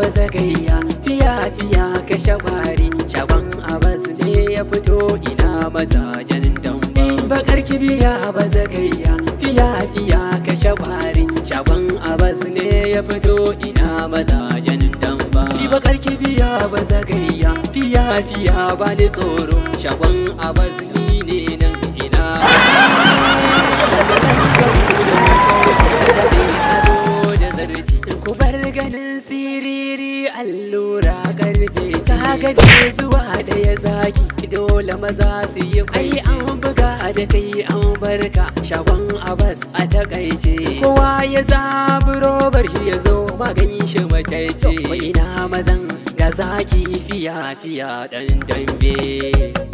ba zagayya fiya fiya ka shawari shagon abas ne ya fito ina mazajen damba bakar kibiya ba zagayya fiya fiya ka shawari shagon abas ne ya fito ina mazajen damba bakar kibiya ba zagayya fiya fiya ba ni tsoro shagon abas ni ne ganin siriri allura karfe ka gaje zuwa daya zaki dole maza su yi ai an buga da kai an barka shagon abas a takaice kowa ya zaburo bar shi ya zo maganin shi mace ina mazan da zaki fiya fiya dan dambe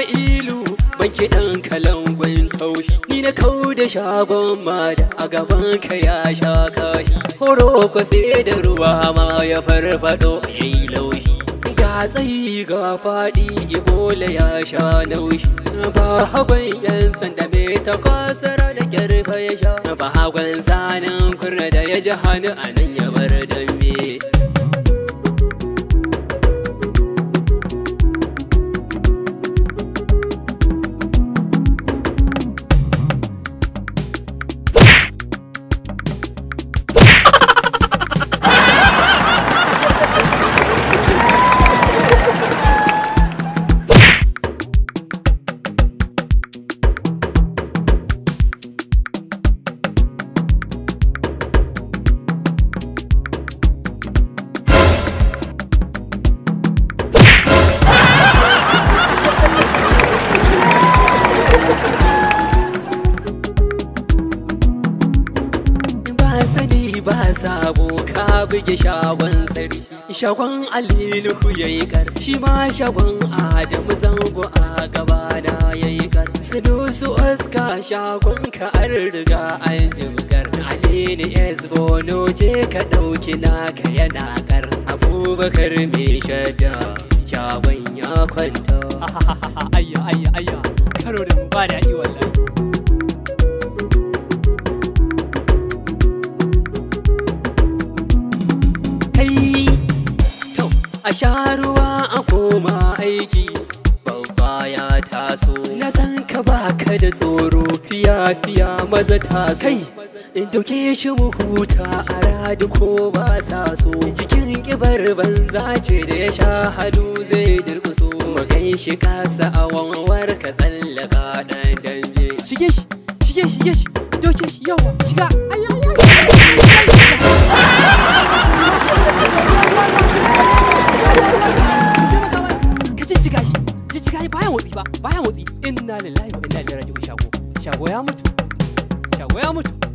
Isma'ilu ban kalan gwan kaushi ni na kau da shagon mada a gaban ka ya sha kashi horo sai da ruwa ma ya farfado ya yi laushi ga tsayi ga faɗi ibola ya sha naushi ba hagon yan sanda me ta kwasara da kyarfa ya sha ba hagon sanan kurna da ya ji hannu a nan ya bar dambe sabo ka buge shagon tsari shagon alilu yayi kar shi ma shagon adamu zango a gaba da yayi kar sulusu oska shagon ka an riga an jimkar alilu esbo no je ka dauki naka yana kar abubakar mai shadda shagon ya kwanta ayya ayya ayya karo ba da iwala a sha a koma aiki babba ya taso na san ka baka da tsoro fiya fiya maza taso kai in doke shi mu a radu ko ba sa so cikin kibar banza ce da ya sha hadu zai durkuso magai shi kasa a wanwar ka tsallaka dan danje shige shi shige shige doke shi yawa shiga inna lillahi wa inna ilaihi raji'un shago shago ya mutu shago ya mutu